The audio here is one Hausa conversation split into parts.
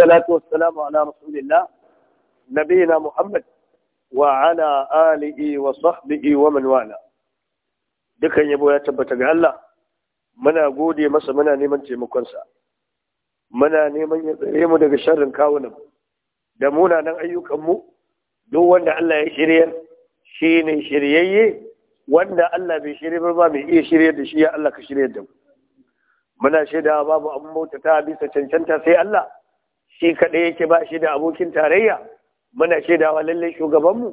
والصلاة والسلام على رسول الله نبينا محمد وعلى آله وصحبه ومن والاه dukan yabo ya tabbata ga Allah muna gode masa muna neman taimakonsa muna neman ya tsare mu daga sharrin kawunan da munanan mu? duk wanda Allah ya shirya shi ne shiryayye wanda Allah bai shirya ba mai iya shirya da shi ya Allah ka shirya da mu muna shaidawa babu abin bauta ta bisa cancanta sai Allah shi kaɗai yake ba shi da abokin tarayya muna shaidawa lalle shugabanmu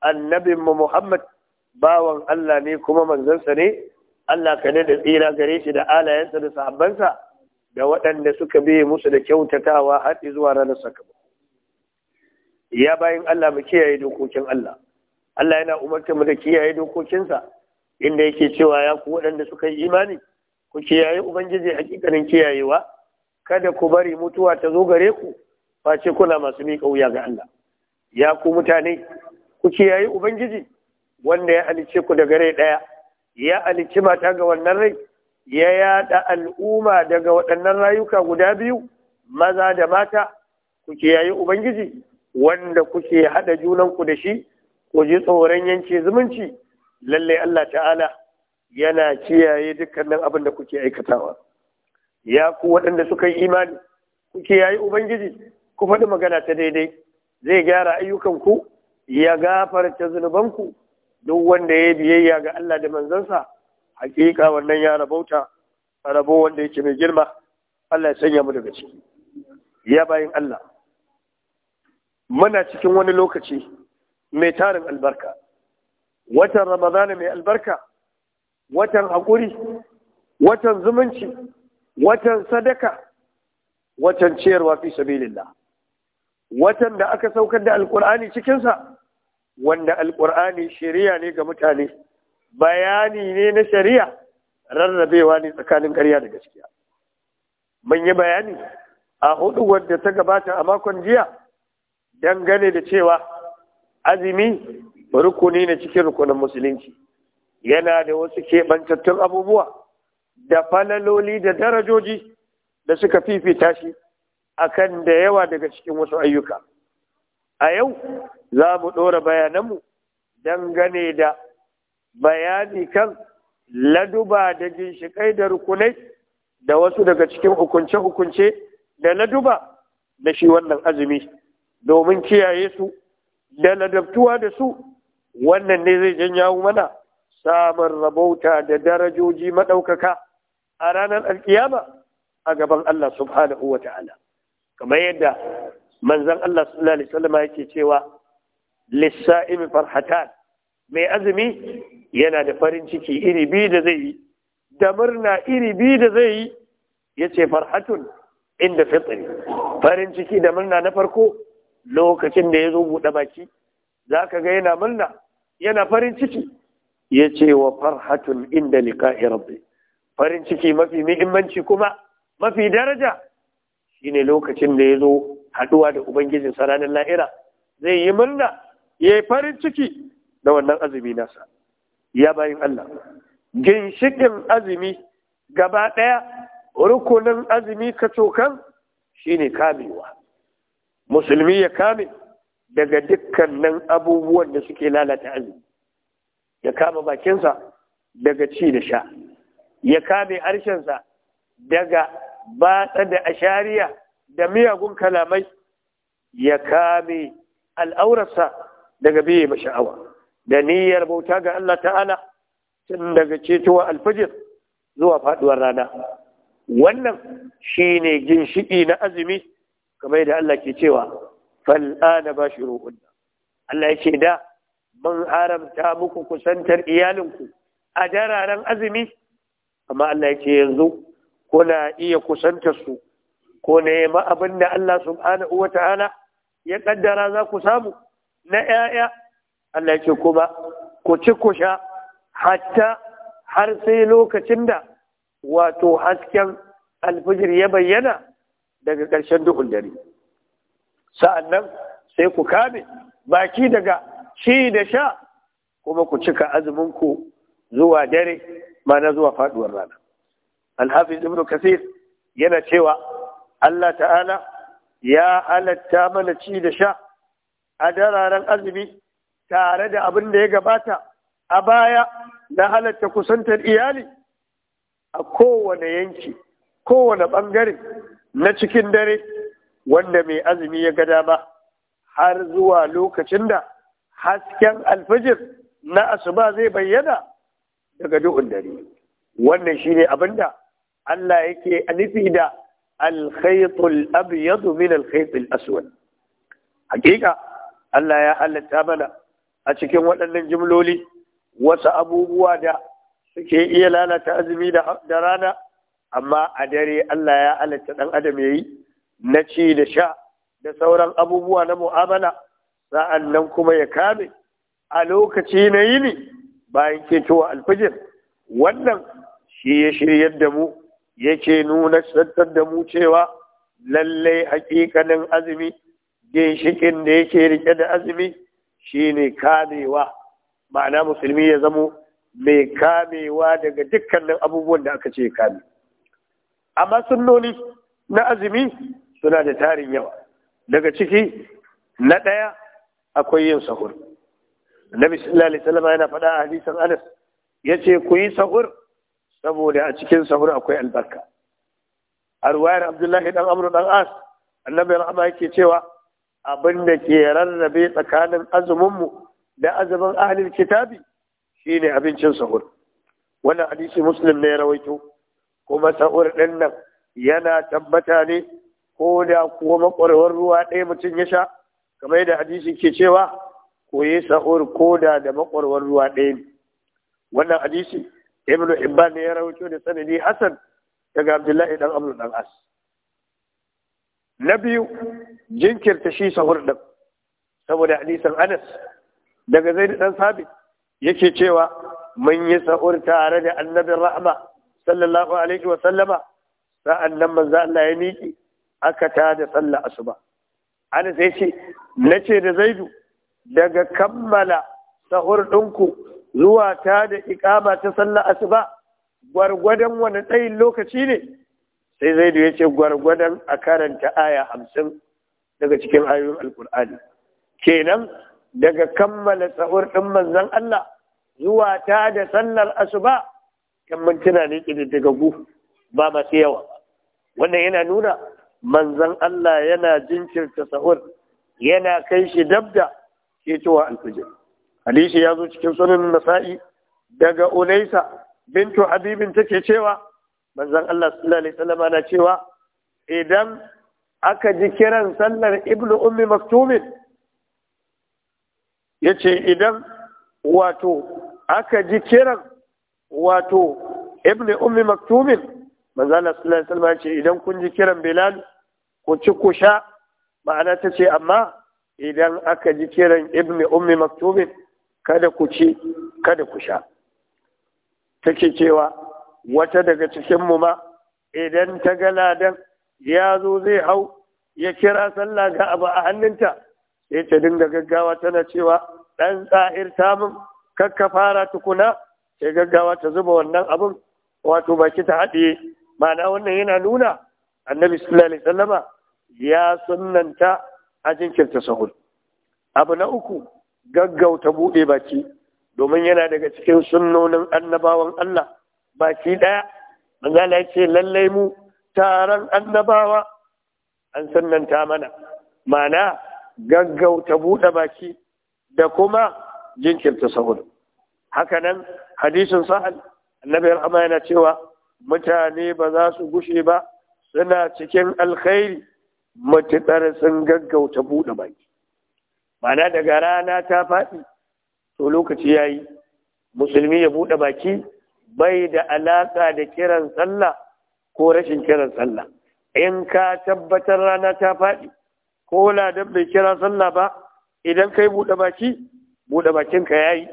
annabinmu Muhammad bawan Allah ne kuma manzansa ne Allah ka da tsira gare shi da alayensa da sahabbansa da waɗanda suka bi musu da kyautatawa har zuwa ranar sakamako ya bayan Allah mu kiyaye dokokin Allah Allah yana umartar mu da kiyaye dokokinsa inda yake cewa ya ku waɗanda suka yi imani ku kiyaye ubangiji hakikanin kiyayewa kada ku bari mutuwa ta zo gare ku ce kuna masu miƙa wuya ga Allah ya ku mutane ku kiyaye ubangiji wanda ya alice ku daga rai ɗaya ya alice mata ga wannan rai ya yada al'umma daga waɗannan rayuka guda biyu maza da mata ku kiyaye ubangiji wanda kuke haɗa ku da shi ku ji tsoron yanke zumunci lallai Allah ta'ala yana kiyaye dukkanin abin da kuke aikatawa ya ku waɗanda suka yi imani kuke yayi ubangiji ku faɗi magana ta daidai zai gyara ayyukanku ya gafarta zunubanku duk wanda ya biyayya ga Allah da manzansa hakika wannan ya rabauta rabo wanda yake mai girma Allah ya sanya mu daga ciki ya bayin Allah muna cikin wani lokaci mai tarin albarka watan ramadana mai albarka watan haƙuri watan zumunci watan sadaka watan ciyarwa fi sabilillah watan da aka saukar da alkur'ani cikinsa wanda alkur'ani shari'a ne ga mutane bayani ne na shari'a rarrabewa ne tsakanin ƙarya da gaskiya mun yi bayani a hudu wadda ta gabata a makon jiya dangane da cewa azumi rukuni ne cikin rukunin musulunci yana da wasu keɓantattun abubuwa da falaloli da darajoji da suka fifita shi a kan da yawa daga cikin wasu ayyuka a yau za mu ɗora bayananmu dangane da bayani kan laduba da ginshiƙai da rukunai da wasu daga cikin hukunce-hukunce da laduba na shi wannan azumi domin kiyaye su da ladabtuwa da su wannan ne zai janyawo mana samun rabauta da darajoji maɗaukaka a ranar alkiyama a gaban Allah subhanahu wa ta'ala kamar yadda manzan Allah sallallahu yake cewa lissa imi farhatan mai azumi yana da farin ciki iri biyu da zai yi da murna iri biyu da zai yi ya ce farhatun inda fitri farin ciki da murna na farko lokacin da ya zo buɗe baki za ka ga yana murna yana farin ciki ya ce wa farhatun inda liqa'i rabbi farin ciki mafi muhimmanci kuma mafi daraja shine lokacin da ya zo haɗuwa da ubangijin ranar la'ira zai yi murna ya yi farin ciki da wannan azumi nasa ya bayin Allah ginshiƙin azumi gaba ɗaya rukunin azumi kacokan shine kamewa musulmi ya kame daga dukkanin abubuwan da suke lalata azumi ya kama bakinsa daga ci da sha ya kame harshensa daga batsa da ashariya da miyagun kalamai ya kame al'aurarsa daga biye sha'awa. da niyyar bauta ga Allah ta'ala tun daga cetowa alfajir zuwa faduwar rana wannan shi ne ginshiƙi na azumi kamar da Allah ke cewa fal'ana ba shi Allah ya ce da mun haramta muku kusantar iyalinku a jararen azumi amma Allah ya ce yanzu kuna iya kusantar su ko nema abin da Allah subhanahu Uwa ta'ala ya ƙaddara za ku samu na ‘ya'ya Allah ya ce kuma ku ci ku sha hatta har sai lokacin da wato hasken alfijir ya bayyana daga ƙarshen duhun dare sa'an sai ku kame baki daga ci da sha kuma ku cika azumin ku zuwa dare mana zuwa faduwar rana alhafiz ibn kasir yana cewa Allah ta'ala ya halatta mana ci da sha a dararen azumi tare da abin da ya gabata a baya na halatta kusantar iyali a kowane yanki kowane ɓangare na cikin dare wanda mai azumi ya gada ba har zuwa lokacin da hasken alfijir na asuba zai bayyana daga duhun dare wannan shine abinda Allah yake nufi da alkhaytul abyadu min alkhaytul aswad hakika Allah ya halatta mana a cikin waɗannan jimloli wasu abubuwa da suke iya lalata azumi da rana amma a dare Allah ya halatta ɗan adam yayi na ci da sha da sauran abubuwa na mu'amala sa'an nan kuma ya kame a lokaci na yini bayan ketowa alfijir wannan shi ya shiryar da mu yake nuna tsattar da mu cewa lallai hakikanin azumi ginshikin da yake rike da azumi shi ne kamewa ma'ana musulmi ya zamo mai kamewa daga dukkanin abubuwan da aka ce kame amma sunnoni na azumi suna da tarin yawa daga ciki na ɗaya akwai yin sahur Nabi sallallahu alaihi wasallam yana faɗa a hadisin Anas yace ku yi sahur saboda a cikin sahur akwai albarka a ruwayar Abdullahi dan Amr dan As annabi rahama yake cewa abinda ke rarrabe tsakanin azumin mu da azumin ahlul kitabi shine abincin sahur wannan hadisi muslim ne rawaito kuma sahur din nan yana tabbata ne ko da kuwa makwarwar ruwa ɗaya mutum ya sha kamar yadda hadisi ke cewa koyi sahur koda da makwarwar ruwa ɗaya ne wannan hadisi ibn hibban ne ya rawaito da sanadi hasan daga abdullahi dan amru dan as na biyu jinkirta shi sahur din saboda hadisin anas daga zaid ɗan sabit yake cewa mun yi sahur tare da annabin rahma sallallahu alaihi wa sallama sa'an nan manzo Allah ya miƙe aka tada sallah asuba ana sai ce na ce da zaidu daga kammala sahur ɗinku zuwa ta da ikama ta sallar asuba gwargwadon wani ɗayin lokaci ne sai zaidu ya ce gwargwadon a karanta aya hamsin daga cikin ayoyin alkur'ani kenan daga kammala sahur ɗin manzon Allah zuwa ta da sallar asuba kan mintuna ne ƙididdigaggu ba masu yawa wannan yana nuna manzan Allah yana jinkirta sahur yana kai shi dabda ke cewa alfajir hadisi ya zo cikin sunan nasa'i daga unaisa bintu habibin take cewa manzan Allah sallallahu alaihi wasallam na cewa idan aka ji kiran sallar ibnu ummi maktumin yace idan wato aka ji kiran wato ibnu ummi maktumin manzan Allah sallallahu alaihi wasallam ce idan kun ji kiran bilal ku ci ku sha ma'ana ta ce amma idan aka ji kiran ibni ummi maktubin kada ku ci kada ku sha take cewa wata daga cikinmu ma idan ta ga ladan ya zo zai hau ya kira sallah ga abu a hannunta sai ta dinga gaggawa tana cewa ɗan tsa'ir samun kakka fara tukuna sai gaggawa ta zuba wannan abun. wato baki ta haɗiye ma'ana wannan yana nuna annabi sallallahu alaihi wasallama ya sunanta a jinkirta sahur abu na uku gaggauta buɗe baki domin yana daga cikin sunnonin annabawan Allah baki ɗaya manzala ya ce lallai mu taron annabawa an sunanta mana mana gaggauta buɗe baki da kuma jinkirta sahur hakanan hadisin sahal annabi rahama yana cewa mutane ba za su gushe ba suna cikin alkhairi matuƙar sun gaggauta buɗe baki mana daga rana ta faɗi to lokaci ya yi musulmi ya buɗe baki bai da alaƙa da kiran sallah ko rashin kiran sallah in ka tabbatar rana ta faɗi ko ladan bai kira sallah ba idan kai buɗe baki buɗe bakinka ya yi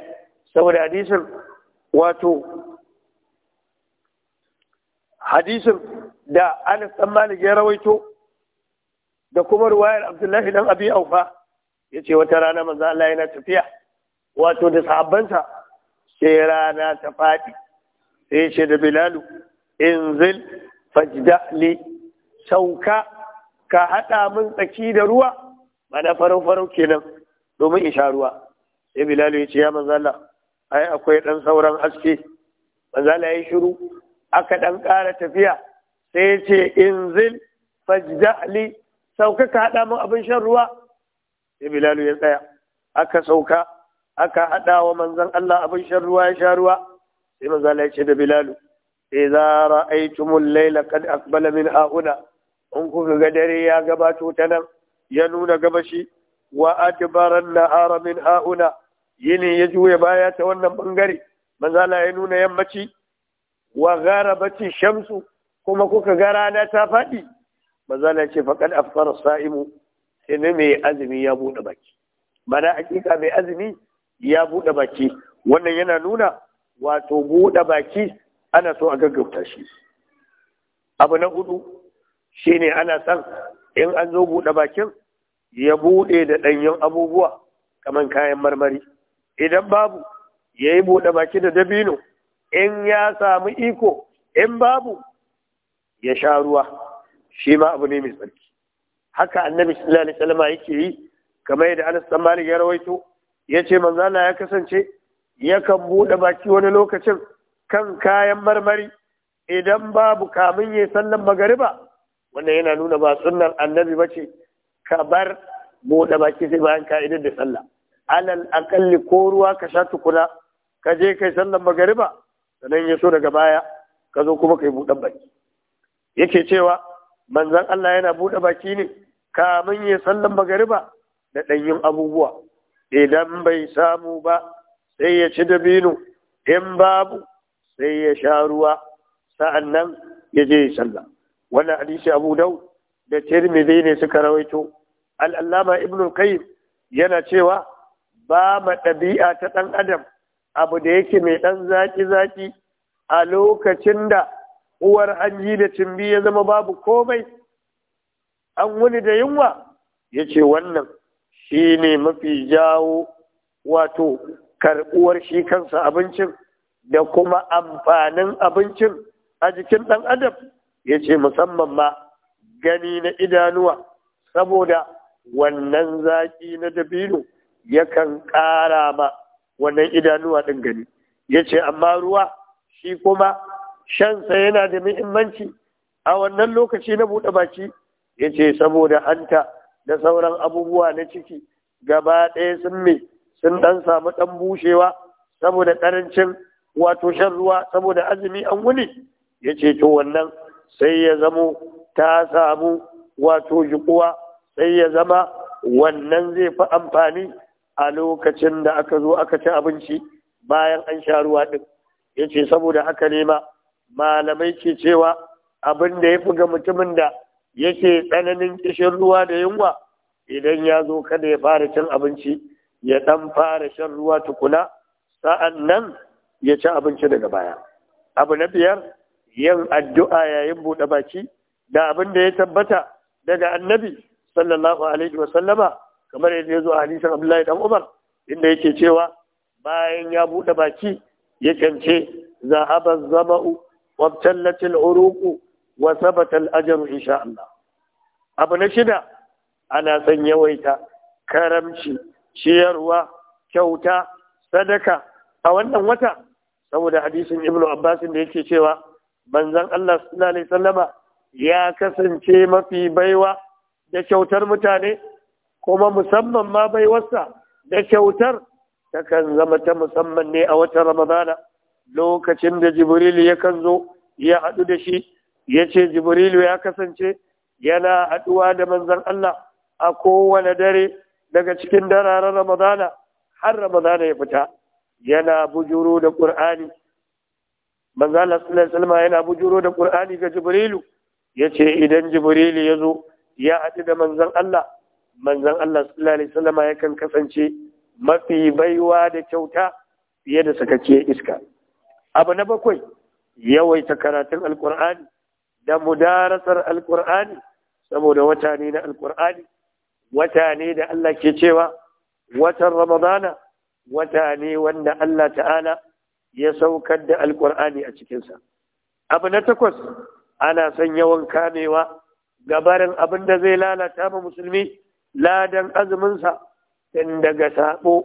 saboda hadisin wato hadisin da an ɗan malik ya rawaito da kuma ruwayar abdullahi dan abi aufa ya ce wata rana manzo Allah yana tafiya wato da sahabbansa sai rana ta faɗi sai ce da bilalu inzil fajda li ka haɗa min tsaki da ruwa mana farau farau kenan domin in sha ruwa sai bilalu ya ce ya manzo Allah ai akwai dan sauran haske manzo Allah ya shiru aka dan ƙara tafiya sai ce inzil fajda sauka ka haɗa mun abin shan ruwa sai bilalu ya tsaya aka sauka aka haɗa wa manzan Allah abin shan ruwa ya sha ruwa sai manzan Allah ya ce da bilalu idza ra'aytumul layla qad aqbala min ha'una in kuka ga dare ya gabato ta nan ya nuna gabashi wa adbaran nahara min ha'una yini ya juya baya ta wannan bangare Allah ya nuna yammaci wa gharabati shamsu kuma kuka ga rana ta faɗi na ce faqad afṭara saimu sai ne mai azumi ya buɗe baki mana hakika mai azumi ya buɗe baki wannan yana nuna wato buɗe baki ana so a gaggauta shi abu na hudu shine ana san in an zo buɗe bakin ya buɗe da ɗanyen abubuwa kamar kayan marmari idan babu ya yi buɗe baki da dabino in ya samu iko in babu ya sha ruwa shi ma abu ne mai tsarki haka annabi sallallahu alaihi wasallam yake yi kamar yadda Anas dan Malik ya rawaito yace manzo Allah ya kasance yakan bude baki wani lokacin kan kayan marmari idan babu kamun ya sallan magariba wannan yana nuna ba sunnar annabi bace ka bar bude baki sai bayan ka'idar da sallah alal aqalli ko ruwa ka sha tukuna ka je kai sallan magariba sannan ya so daga baya ka zo kuma kai buɗan baki yake cewa manzan Allah yana buɗe baki ne kamin ya sallan magariba da ɗanyin abubuwa idan bai samu ba sai ya ci dabino in babu sai ya sha ruwa sa'an nan ya je ya sallah wannan hadisi abu dau da tirmidhi ne suka rawaito al'allama ibn qayyim yana cewa ba ma ɗabi'a ta ɗan adam abu da yake mai ɗan zaki-zaki a lokacin da uwar an da cimbi ya zama babu komai an wuni da yunwa ya ce wannan shi ne mafi jawo wato karɓuwar shi kansa abincin da kuma amfanin abincin a jikin ɗan adam ya ce musamman ma gani na idanuwa saboda wannan zaƙi na dabino yakan ƙara ma wannan idanuwa ɗin gani ya ce amma ruwa shi kuma shansa yana da muhimmanci a wannan lokaci na buɗe baki ya ce saboda hanta da sauran abubuwa na ciki gaba ɗaya sun me sun ɗan samu ɗan bushewa saboda ƙarancin wato shan ruwa saboda azumi an wuni ya ce to wannan sai ya zamo ta samu wato jikuwa sai ya zama wannan zai fi amfani a lokacin da aka zo aka ci abinci bayan an sha ruwa ɗin ya ce saboda haka ne ma malamai ke cewa abin da ya fi ga mutumin da yake tsananin kishin ruwa da yunwa idan ya zo kada ya fara cin abinci ya ɗan fara shan ruwa tukuna sa'an nan ya ci abinci daga baya abu na biyar yin addu'a yayin buɗe baki da abin da ya tabbata daga annabi sallallahu alaihi wa sallama kamar yadda ya zo a hadisin abdullahi dan umar inda yake cewa bayan ya buɗe baki ya kyance zahaba zama'u وابتلت العروق وثبت batal إن شاء الله abu na shida ana son yawaita karamci ciyarwa kyauta sadaka a wannan wata saboda hadisin ibnu abbasin da yake cewa manzon Allah sallallahu alaihi sallama ya kasance mafi baiwa da kyautar mutane kuma musamman ma baiwarsa da kyautar takan zama ta musamman ne a watan ramadana lokacin da jibrilu ya kan zo ya haɗu da shi ya ce jibrilu ya kasance yana haɗuwa da manzan Allah a kowane dare daga cikin dararen ramadana har ramadana ya fita yana bujuru da ƙur'ani manzan Allah sallallahu alaihi yana bujuro da ƙur'ani ga jibrilu ya ce idan jibrilu ya zo ya haɗu da manzan Allah manzan Allah sallallahu alaihi wasallam yakan kasance mafi baiwa da kyauta fiye da sakakke iska abu na bakwai yawaita karatun alkur'ani da mudarasar alkur'ani saboda wata ne na alkur'ani wata ne da Allah ke cewa watan ramadana wata ne wanda Allah ta'ala ya saukar da alkur'ani a cikinsa abu na takwas ana son yawan kamewa gabarin abin da zai lalata ma musulmi ladan azuminsa tun daga sabo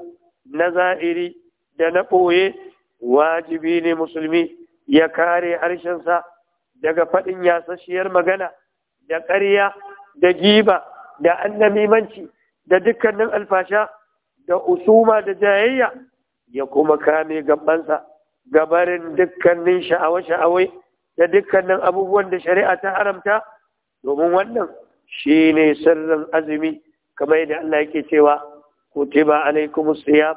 na za'iri da na ɓoye wajibi ne musulmi ya kare harshensa daga faɗin yasasshiyar magana da ƙarya da giba da annamimanci da dukkanin alfasha da usuma da jayayya ya kuma kame gabansa gabarin dukkanin sha'awa-sha'awai da dukkanin abubuwan da shari'a ta haramta domin wannan shi ne sirrin azumi kamar yadda Allah yake cewa kutiba alaikumus siyam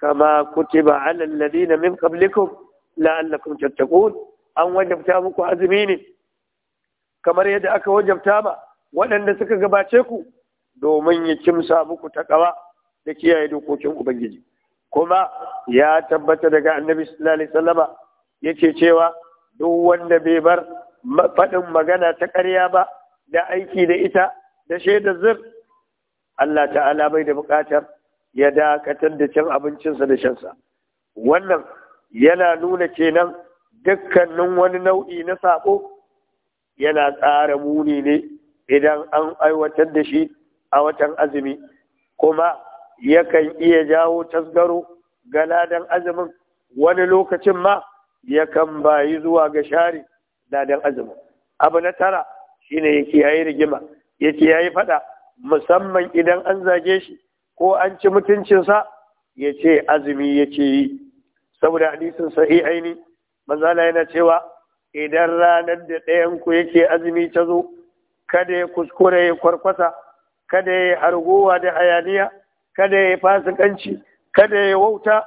kama ba ala alladhina min qablikum la'allakum tattaqun an wajabta muku azumi ne kamar yadda aka wajabta ba waɗanda suka gabace ku domin ya kimsa muku ƙawa da kiyaye dokokin ubangiji kuma ya tabbata daga annabi sallallahu alaihi wasallama yake cewa duk wanda bai bar faɗin magana ta ƙarya ba da aiki da ita da shaidar zur. Allah ta'ala bai da buƙatar ya dakatar da cin abincinsa da shansa wannan yana nuna kenan dukkanin wani nau'i na sabo yana tsara muni ne idan an aiwatar da shi a watan azumi kuma yakan iya jawo tasgaro ga ladan azumin wani lokacin ma yakan bayi zuwa ga share ladan azumin abu na tara shine ya yayi rigima ya yayi fada musamman idan an zage shi ko an ci mutuncinsa ya ce azumi ya yake yi saboda hadisin aini mazala yana cewa idan ranar da ɗayan ku yake azumi ta zo kada ya kuskure ya kwarkwata kada ya harguwa da hayaniya kada ya fasikanci kada ya wauta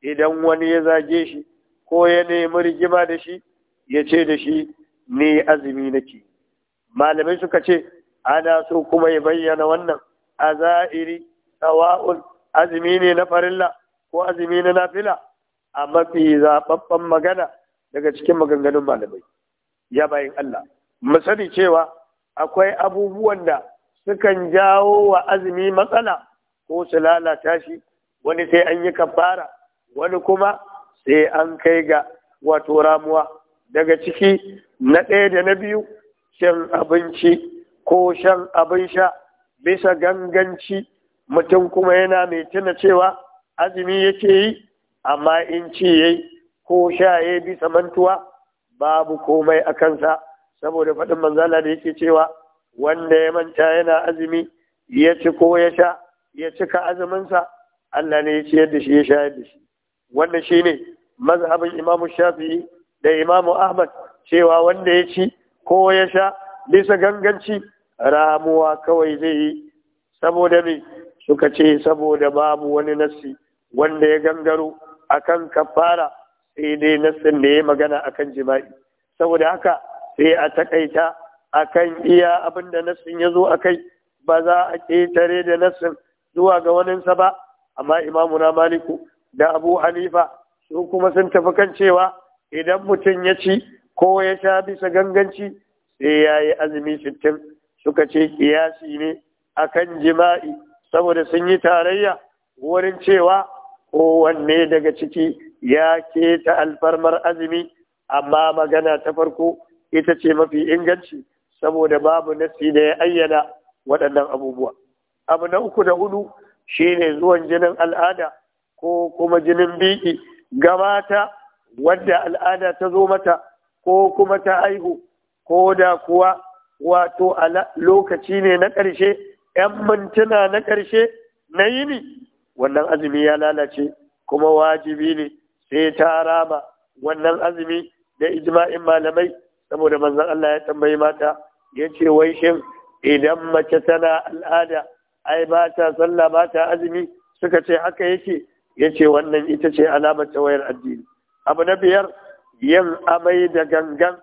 idan wani ya zage shi ko ya nemi rigima da shi ya ce da shi ne azumi nake malamai suka ce ana so kuma ya bayyana wannan a za'iri sawa'un azumi ne na farilla ko azumi na nafila a mafi zaɓaɓɓen magana daga cikin maganganun malamai ya bayan Allah mu sani cewa akwai abubuwan da sukan jawo wa azumi matsala ko su lalata shi wani sai an yi kafara wani kuma sai an kai ga wato ramuwa daga ciki na ɗaya da na biyu shan abinci ko shan abin sha bisa ganganci mutum kuma yana mai tuna cewa azumi yake yi amma in ci yayi ko sha yayi bisa mantuwa babu komai a kansa saboda faɗin manzala da yake cewa wanda ya manta yana azumi ya ci ko ya sha ya cika azuminsa Allah ne ya ciyar da shi ya shayar da shi wannan shine mazhabin imamu Shafi'i da imamu Ahmad cewa wanda ya ci ko ya sha bisa ganganci ramuwa kawai zai yi saboda me suka ce saboda babu wani nassi wanda ya gangaro akan kafara sai dai nassin da ya magana akan jima'i saboda haka sai a takaita akan iya abin da nassin ya zo a kai ba za a ƙetare da nassin zuwa ga waninsa ba amma imamuna maliku da abu hanifa su kuma sun tafi kan cewa idan mutum ya ci ko ya sha bisa ganganci sai ya yi azumi sittin suka ce kiyasi ne akan jima'i saboda sun yi tarayya wurin cewa kowanne daga ciki ya ke ta alfarmar azumi amma magana ta farko ita ce mafi inganci saboda babu nasi da ya ayyana waɗannan abubuwa abu na uku da hudu shine zuwan jinin al'ada ko kuma jinin biki gabata wadda al'ada ta zo mata ko kuma ta haihu ko da kuwa wato lokaci ne na ƙarshe 'yan mintuna na ƙarshe na yini wannan azumi ya lalace kuma wajibi ne sai ta rama wannan azumi da ijma'in malamai saboda manzon Allah ya tambayi mata ya ce wai shin idan mace tana al'ada ai ba ta sallah ba ta azumi suka ce haka yake ya ce wannan ita ce alamar wayar addini abu na biyar yin amai da gangan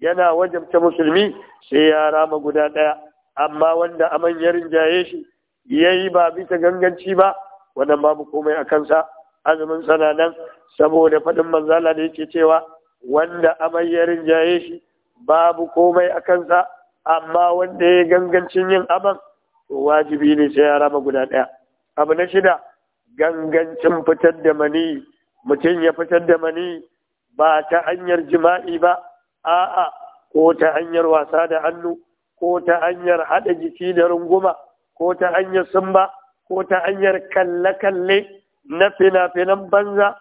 yana wajabta musulmi sai ya rama guda ɗaya amma wanda aman ya rinjaye shi ya yi ba bisa ganganci ba wannan babu komai a kansa azumin sana nan saboda faɗin manzala da yake cewa wanda aman ya rinjaye shi babu komai a kansa amma wanda ya gangancin yin aman wajibi ne sai ya rama guda ɗaya abu na shida gangancin fitar da mani mutum ya fitar da mani ba ta hanyar jima'i ba a'a ko ta hanyar wasa da hannu ko ta hanyar haɗa jiki da runguma ko ta hanyar sumba ko ta hanyar kalle-kalle na fina-finan banza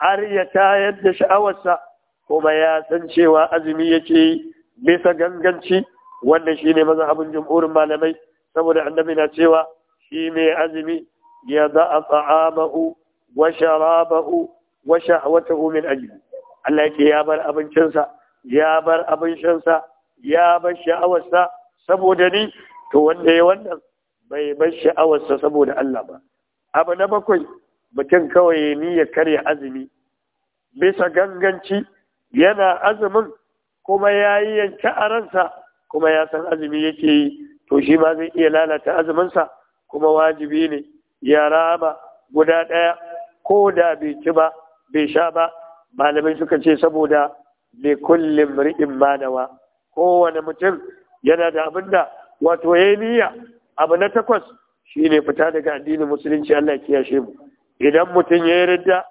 har ya tayar da sha'awarsa kuma ya san cewa azumi yake yi bisa ganganci wannan maza abin jumhurin malamai saboda annabi na cewa shi mai azumi ya za za'a ta'amahu wa sharabahu wa shahwatahu min ajli Allah yake ya bar abincinsa ya bar abin shansa ya bar sha'awarsa saboda ni to wanda ya wannan bai bar sha'awarsa saboda Allah ba abu na bakwai mutum kawai ni ya karya azumi bisa ganganci yana azumin kuma ya yi yanke a ransa kuma ya san azumi yake yi to shi ma zai iya lalata azuminsa kuma wajibi ne ya raba guda ɗaya ko da bai ci ba bai sha ba malamai suka ce saboda li kullum ri'in manawa kowane mutum yana da abin da wato ya niyya abu na takwas shine fita daga addinin musulunci Allah kiyashe mu idan mutum ya yi ridda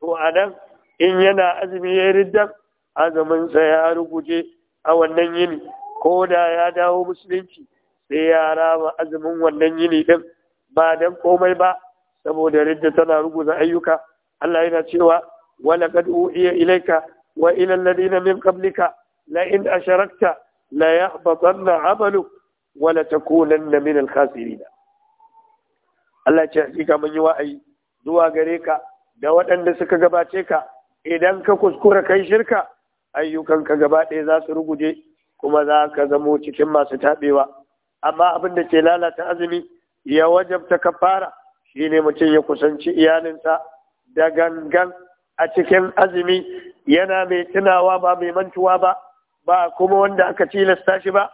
to a nan in yana azumi ya yi ridda azuminsa ya ruguje a wannan yini ko da ya dawo musulunci sai ya rama azumin wannan yini din ba dan komai ba saboda ridda tana ruguza ayyuka Allah yana cewa wa laqad uhiya ilayka wa ila alladhina min qablika la in asharakta la yahbatanna amalu wa la takunanna min al-khasirin Allah ce mun yi wa'ayi zuwa gare ka da waɗanda suka gabace ka idan ka kuskura kai shirka ayyukanka gaba ɗaya za su ruguje kuma za ka zamo cikin masu taɓewa amma abin da ke lalata azumi ya wajabta fara shine mutum ya kusanci iyalinsa da gangan a cikin azumi yana mai tunawa ba mai mantuwa ba ba kuma wanda aka tilasta shi ba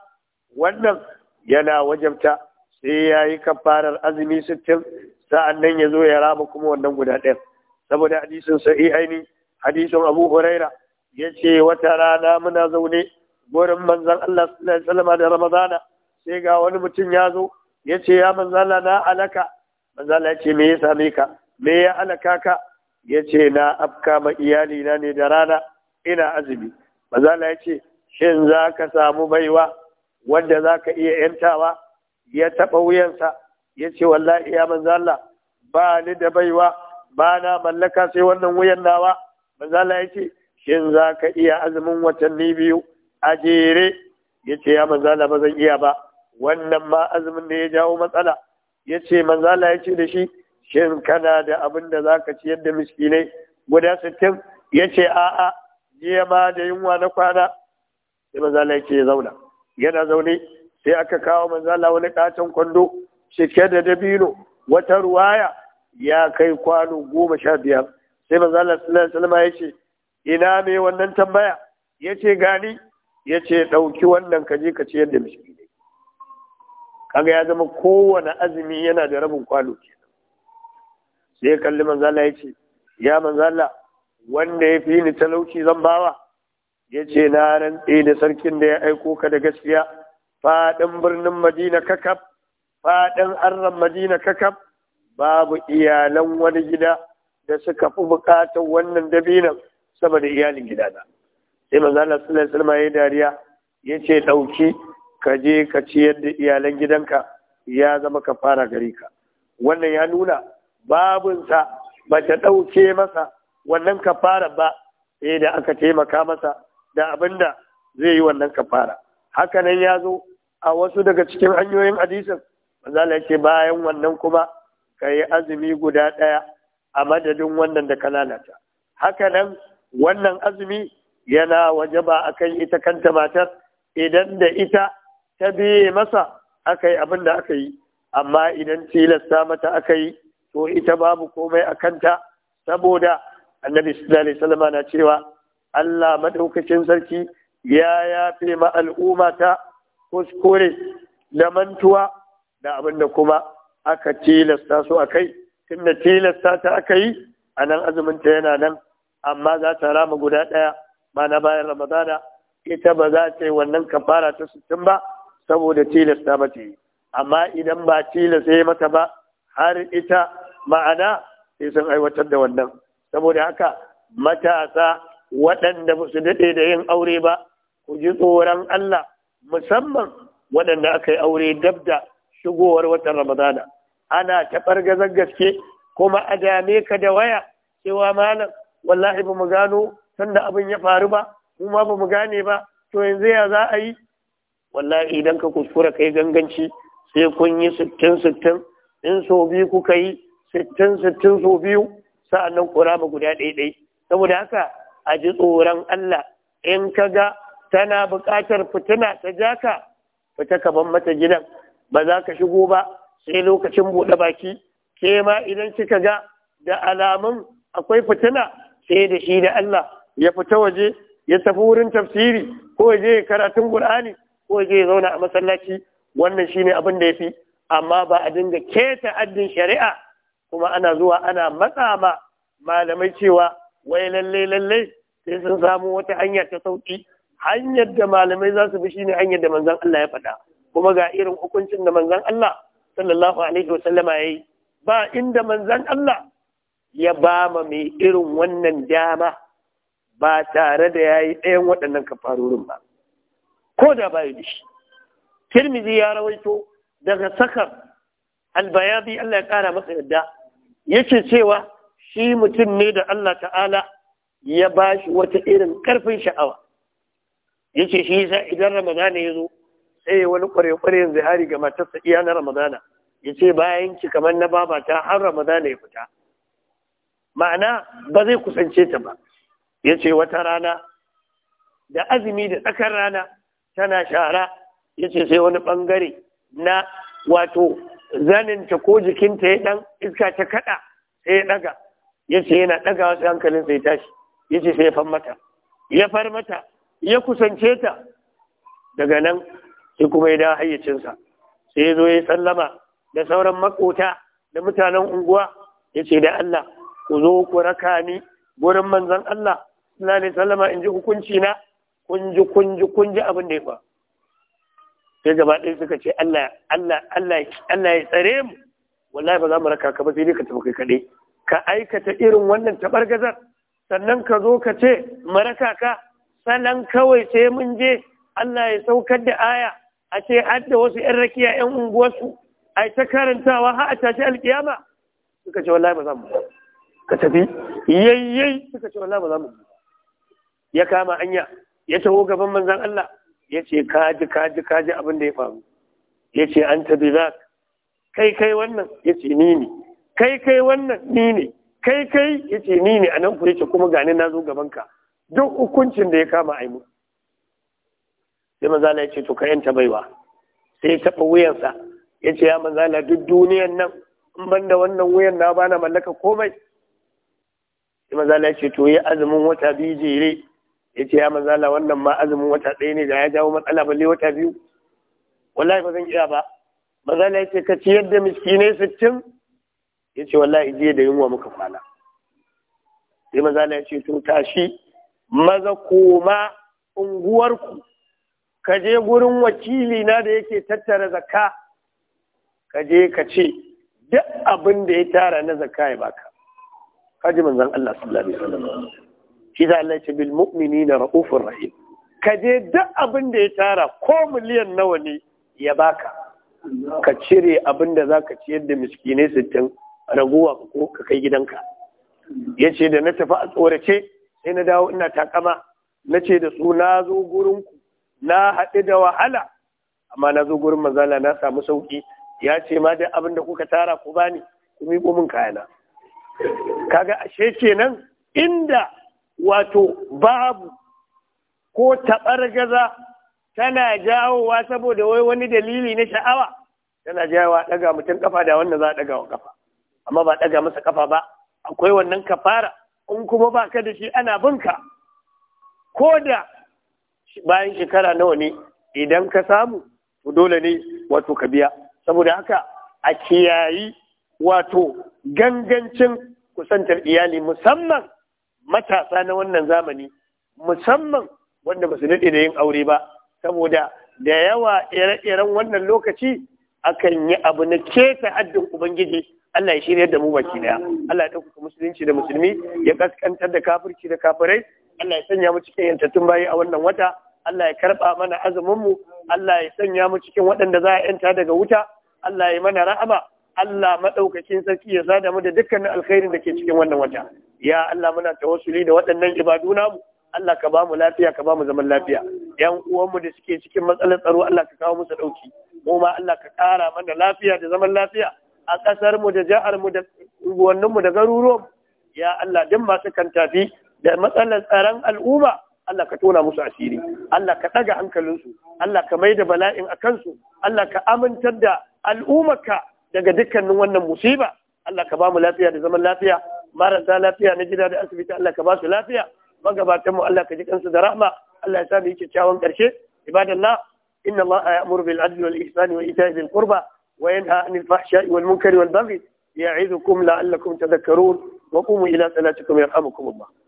wannan yana wajabta sai ya yi kafarar azumi sittin sa'an nan ya zo ya raba kuma wannan guda ɗaya saboda hadisin sa'i aini hadisin abu huraira ya ce wata rana muna zaune gurin manzan Allah salama da ramadana sai ga wani mutum ya zo ya ce ya manzala na alaka manzala ya ce me ya same ka me ya alaka ka ya ce na afka ma iyalina ne da rana ina azumi manzala ya ce shin za ka samu baiwa wanda za ka iya ‘yantawa ya taɓa wuyansa ya ce wallahi ya manzala ba ni da baiwa ba na mallaka sai wannan wuyan nawa manzala ya ce shin za ka iya azumin watanni biyu a jere ya ce ya manzala ba zan iya ba wannan ma azumin da ya jawo matsala ya ce manzala ya ce da shi shin kana da abin da za ka ciyar da miskinai guda sittin ya ce a'a jiya ma da yunwa na kwana sai manzo Allah yake ya zauna yana zaune sai aka kawo manzo Allah wani katon kwando cike da dabino wata ruwaya ya kai kwano goma sha biyar sai manzo Allah sallallahu alaihi wasallam ya ina mai wannan tambaya yace gani yace ɗauki wannan kaje ka yadda da miskini kaga ya zama kowane azumi yana da rabin kwano ke sai kalli manzala ya ce ya manzala wanda ya fi ni talauci zan bawa ya ce na rantse da sarkin da ya aiko ka da gaskiya faɗin birnin madina kakaf faɗin arran madina kakaf babu iyalan wani gida da suka fi bukatar wannan dabinan sama da iyalin na sai manzo Allah sallallahu alaihi wasallam ya dariya yace ɗauki ka je ka ciyar da iyalan gidanka ya zama ka fara gare ka wannan ya nuna babunsa ba ta dauke masa wannan kafara ba sai da aka taimaka masa da abin da zai yi wannan kafara hakanan ya zo a wasu daga cikin hanyoyin hadisin manzala yake bayan wannan kuma ka yi azumi guda ɗaya a madadin wannan da ka lalata hakanan wannan azumi yana wajaba akan ita kanta matar idan da ita ta biye masa aka yi abin da aka yi amma idan tilasta mata aka yi to ita babu komai a kanta saboda annabi sallallahu alaihi wasallam na cewa Allah maɗaukacin sarki ya yafe ma al'umma ta kuskure da mantuwa da abin da kuma aka tilasta su a kai tun da tilasta ta aka yi a nan azumin ta yana nan amma za ta rama guda ɗaya ma na bayan ramadana ita ba za ta yi wannan kafara ta sittin ba saboda tilasta ba ta yi amma idan ba tilasta ya mata ba har ita ma'ana sai sun aiwatar da wannan saboda haka matasa waɗanda ba su daɗe da yin aure ba ku ji tsoron Allah musamman waɗanda aka yi aure dab da shigowar watan Ramadana ana ta ɓargazar gaske kuma a dame ka da waya cewa malam wallahi ba mu gano sanda abin ya faru ba kuma ma ba mu gane ba to yanzu ya za a yi wallahi idan ka kuskura kai ganganci sai kun yi sittin sittin in so biyu kuka yi sittin sittin so biyu sa'annan ku raba guda ɗaiɗai ɗai saboda haka a ji tsoron Allah in ka ga tana buƙatar fitina ta jaka fita ka ban mata gidan ba za ka shigo ba sai lokacin buɗe baki ke ma idan kika ga da alamun akwai fitina sai da shi da Allah ya fita waje ya tafi wurin tafsiri ko je karatun Ƙur'ani, ko je zauna a masallaci wannan shine abin da ya fi. amma ba a dinga keta addin shari'a kuma ana zuwa ana matsa ma malamai cewa wai lallai-lallai. sai sun samu wata hanya ta sauki hanyar da malamai za su bi shine hanyar da manzon Allah ya faɗa kuma ga irin hukuncin da manzon Allah sallallahu alaihi wasallama yayi ba inda manzan Allah ya ba ma mai irin wannan dama ba tare da yayi ɗayan waɗannan kafarorin ba ko da bai da shi Tirmidhi ya rawaito daga sakar albayabi Allah ya ƙara masa yadda yake cewa shi mutum ne da Allah ta'ala ya ba shi wata irin karfin sha'awa ya ce shi yasa idan ramadana ya zo sai ya wani kware yanzu hari ga matarsa iya na ramadana ya ce bayan ki kamar na ta har ramadana ya fita ma'ana ba zai kusance ta ba ya ce wata rana da azumi da tsakar rana tana shara ya ce sai wani bangare na wato zaninta ko jikinta ya ɗan iska ta kaɗa sai ya ɗaga. ya ce yana daga wasu hankalin sai tashi ya ce sai ya fan mata ya far mata ya kusance ta daga nan sai kuma ya dawo hayyacinsa sai ya zo ya sallama da sauran makota da mutanen unguwa ya ce da Allah ku zo ku raka ni gurin manzon Allah suna ne sallama in ji hukunci na kun ji kun abin da ya fa sai gaba ɗaya suka ce Allah Allah Allah Allah ya tsare mu wallahi ba za mu raka ka ba sai ne ka tafi kai kaɗai ka aikata irin wannan tabargazar sannan ka zo ka ce maraka ka sannan kawai sai mun je Allah ya saukar da aya a ce hadda wasu 'yan rakiya 'yan unguwarsu a ta karantawa har a tashi alkiyama suka ce wallahi ba za mu ka tafi yayyai suka ce wallahi ba za mu ya kama anya ya taho gaban manzon Allah ya ce kaji kaji kaji abin da ya faru ya ce an tabi za kai kai wannan ya ce ni ne kai kai wannan ni ne kai kai yace ni ne a nan ku yace kuma gane na zo gaban ka duk hukuncin da ya kama ai mu sai manzala yace to ka yanta baiwa sai ya taɓa wuyansa yace ya manzala duk duniyan nan in ban da wannan wuyan na bana mallaka komai sai manzala yace to yi azumin wata biyu jere yace ya manzala wannan ma azumin wata ɗaya ne da ya jawo matsala balle wata biyu wallahi ba zan iya ba manzala yace ka ciyar da miskinai sittin ya ce wallahi jiya da yunwa muka kwana sai maza ya ce tun tashi maza koma unguwarku ka je gurin wakili na da yake tattara zakka ka je ka ce duk abin da ya tara na zakka ya baka kaji manzon Allah sallallahu alaihi wasallam shi da Allah ce bil mu'minina raufur rahim ka je duk abin da ya tara ko miliyan nawa ne ya baka ka cire abin da zaka ciyar da miskinai sittin raguwa ko ka kai gidanka ya ce da na tafi a tsorace sai na dawo ina takama na ce da su na zo gurinku na haɗu da wahala amma na zo gurin manzala na samu sauƙi ya ce ma da abin da kuka tara ku bani ku miƙo min kayana kaga ashe kenan inda wato babu ko taɓar gaza tana jawowa saboda wai wani dalili na sha'awa tana jawowa ɗaga mutum kafa da wanda za a ɗaga wa kafa amma ba ɗaga masa kafa ba akwai wannan kafara in kuma ba ka da shi ana binka ko da bayan shekara nawa ne idan ka samu dole ne wato ka biya saboda haka a kiyayi wato gangancin kusantar iyali musamman matasa na wannan zamani musamman wanda ba su daɗe da yin aure ba saboda da yawa ire-iren wannan lokaci akan yi abu na keta haddin ubangiji Allah ya shirya da mu baki daya Allah ya ɗaukaka musulunci da musulmi ya kaskantar da kafirci da kafirai Allah ya sanya mu cikin yantattun bayi a wannan wata Allah ya karɓa mana azumin mu Allah ya sanya mu cikin waɗanda za a yanta daga wuta Allah ya mana rahama Allah maɗaukakin sarki ya sada mu da dukkanin alkhairin da ke cikin wannan wata ya Allah muna tawassuli da waɗannan ibadu namu Allah ka ba mu lafiya ka ba mu zaman lafiya yan uwanmu da suke cikin matsalar tsaro Allah ka kawo musu ɗauki mu ma Allah ka ƙara mana lafiya da zaman lafiya a ƙasarmu da mu da unguwanninmu da garuruwan ya Allah duk masu kan tafi da matsalar tsaron al'umma Allah ka tona musu asiri Allah ka ɗaga hankalinsu Allah ka mai da bala'in a kansu Allah ka amintar da al'ummarka daga dukkanin wannan musiba Allah ka ba mu lafiya da zaman lafiya marasa lafiya na gida da asibiti Allah ka ba su lafiya magabatan mu Allah ka ji kansu da rahma Allah ya sa mu yi kyakkyawan ƙarshe ibadallah inna Allah ya'muru bil adli wal ihsani wa ita'i dhil qurba وينهى عن الفحشاء والمنكر والبغي يعظكم لعلكم تذكرون وقوموا إلى صلاتكم يرحمكم الله